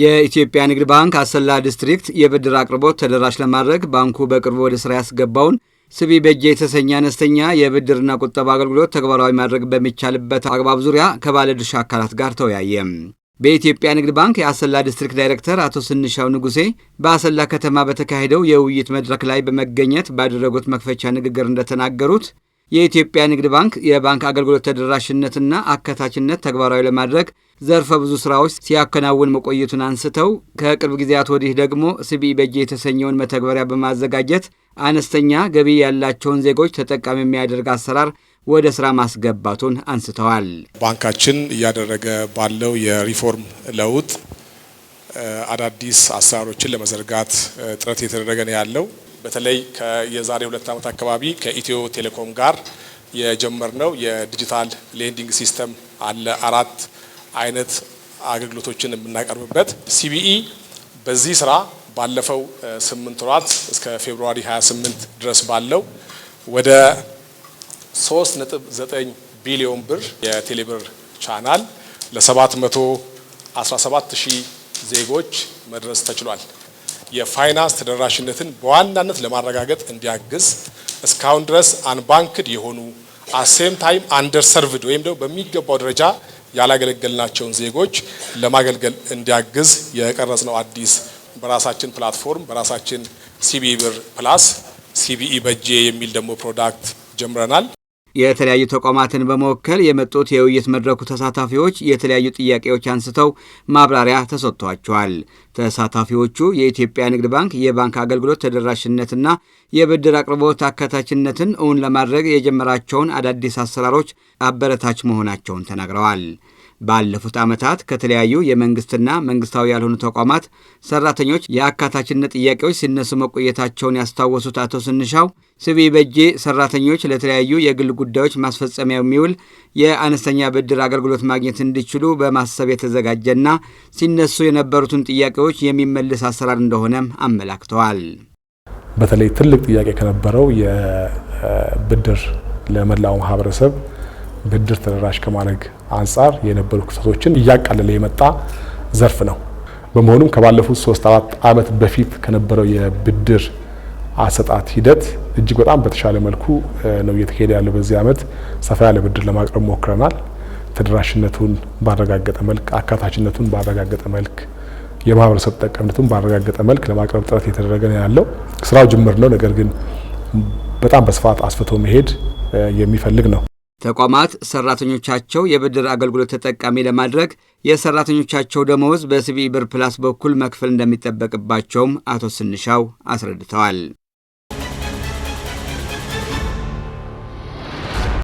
የኢትዮጵያ ንግድ ባንክ አሰላ ዲስትሪክት የብድር አቅርቦት ተደራሽ ለማድረግ ባንኩ በቅርቡ ወደ ስራ ያስገባውን ስቢ በጄ የተሰኘ አነስተኛ የብድርና ቁጠባ አገልግሎት ተግባራዊ ማድረግ በሚቻልበት አግባብ ዙሪያ ከባለድርሻ አካላት ጋር ተወያየ። በኢትዮጵያ ንግድ ባንክ የአሰላ ዲስትሪክት ዳይሬክተር አቶ ስንሻው ንጉሴ በአሰላ ከተማ በተካሄደው የውይይት መድረክ ላይ በመገኘት ባደረጉት መክፈቻ ንግግር እንደተናገሩት የኢትዮጵያ ንግድ ባንክ የባንክ አገልግሎት ተደራሽነትና አካታችነት ተግባራዊ ለማድረግ ዘርፈ ብዙ ስራዎች ሲያከናውን መቆየቱን አንስተው ከቅርብ ጊዜያት ወዲህ ደግሞ ስቢኢ በጄ የተሰኘውን መተግበሪያ በማዘጋጀት አነስተኛ ገቢ ያላቸውን ዜጎች ተጠቃሚ የሚያደርግ አሰራር ወደ ስራ ማስገባቱን አንስተዋል። ባንካችን እያደረገ ባለው የሪፎርም ለውጥ አዳዲስ አሰራሮችን ለመዘርጋት ጥረት እየተደረገ ነው ያለው በተለይ የዛሬ ሁለት ዓመት አካባቢ ከኢትዮ ቴሌኮም ጋር የጀመርነው የዲጂታል ሌንዲንግ ሲስተም አለ። አራት አይነት አገልግሎቶችን የምናቀርብበት ሲቢኢ በዚህ ስራ ባለፈው ስምንት ወራት እስከ ፌብርዋሪ 28 ድረስ ባለው ወደ 3.9 ቢሊዮን ብር የቴሌብር ቻናል ለ717 ሺህ ዜጎች መድረስ ተችሏል። የፋይናንስ ተደራሽነትን በዋናነት ለማረጋገጥ እንዲያግዝ እስካሁን ድረስ አንባንክድ የሆኑ አሴም ታይም አንደር ሰርቭድ ወይም ደግሞ በሚገባው ደረጃ ያላገለገልናቸውን ዜጎች ለማገልገል እንዲያግዝ የቀረጽ ነው አዲስ በራሳችን ፕላትፎርም በራሳችን ሲቢኢ ብር ፕላስ ሲቢኢ በጄ የሚል ደግሞ ፕሮዳክት ጀምረናል። የተለያዩ ተቋማትን በመወከል የመጡት የውይይት መድረኩ ተሳታፊዎች የተለያዩ ጥያቄዎች አንስተው ማብራሪያ ተሰጥቷቸዋል። ተሳታፊዎቹ የኢትዮጵያ ንግድ ባንክ የባንክ አገልግሎት ተደራሽነትና የብድር አቅርቦት አካታችነትን እውን ለማድረግ የጀመራቸውን አዳዲስ አሰራሮች አበረታች መሆናቸውን ተናግረዋል። ባለፉት ዓመታት ከተለያዩ የመንግስትና መንግስታዊ ያልሆኑ ተቋማት ሰራተኞች የአካታችነት ጥያቄዎች ሲነሱ መቆየታቸውን ያስታወሱት አቶ ስንሻው ስቢ በጄ ሰራተኞች ለተለያዩ የግል ጉዳዮች ማስፈጸሚያ የሚውል የአነስተኛ ብድር አገልግሎት ማግኘት እንዲችሉ በማሰብ የተዘጋጀና ሲነሱ የነበሩትን ጥያቄዎች የሚመልስ አሰራር እንደሆነም አመላክተዋል። በተለይ ትልቅ ጥያቄ ከነበረው የብድር ለመላው ማህበረሰብ ብድር ተደራሽ ከማድረግ አንጻር የነበሩ ክፍተቶችን እያቃለለ የመጣ ዘርፍ ነው። በመሆኑም ከባለፉት ሶስት አራት ዓመት በፊት ከነበረው የብድር አሰጣት ሂደት እጅግ በጣም በተሻለ መልኩ ነው እየተካሄደ ያለው። በዚህ ዓመት ሰፋ ያለ ብድር ለማቅረብ ሞክረናል። ተደራሽነቱን ባረጋገጠ መልክ፣ አካታችነቱን ባረጋገጠ መልክ፣ የማህበረሰብ ጠቀምነቱን ባረጋገጠ መልክ ለማቅረብ ጥረት እየተደረገ ነው ያለው። ስራው ጅምር ነው፣ ነገር ግን በጣም በስፋት አስፍቶ መሄድ የሚፈልግ ነው። ተቋማት ሰራተኞቻቸው የብድር አገልግሎት ተጠቃሚ ለማድረግ የሰራተኞቻቸው ደመወዝ በሲቢኢ ብር ፕላስ በኩል መክፈል እንደሚጠበቅባቸውም አቶ ስንሻው አስረድተዋል።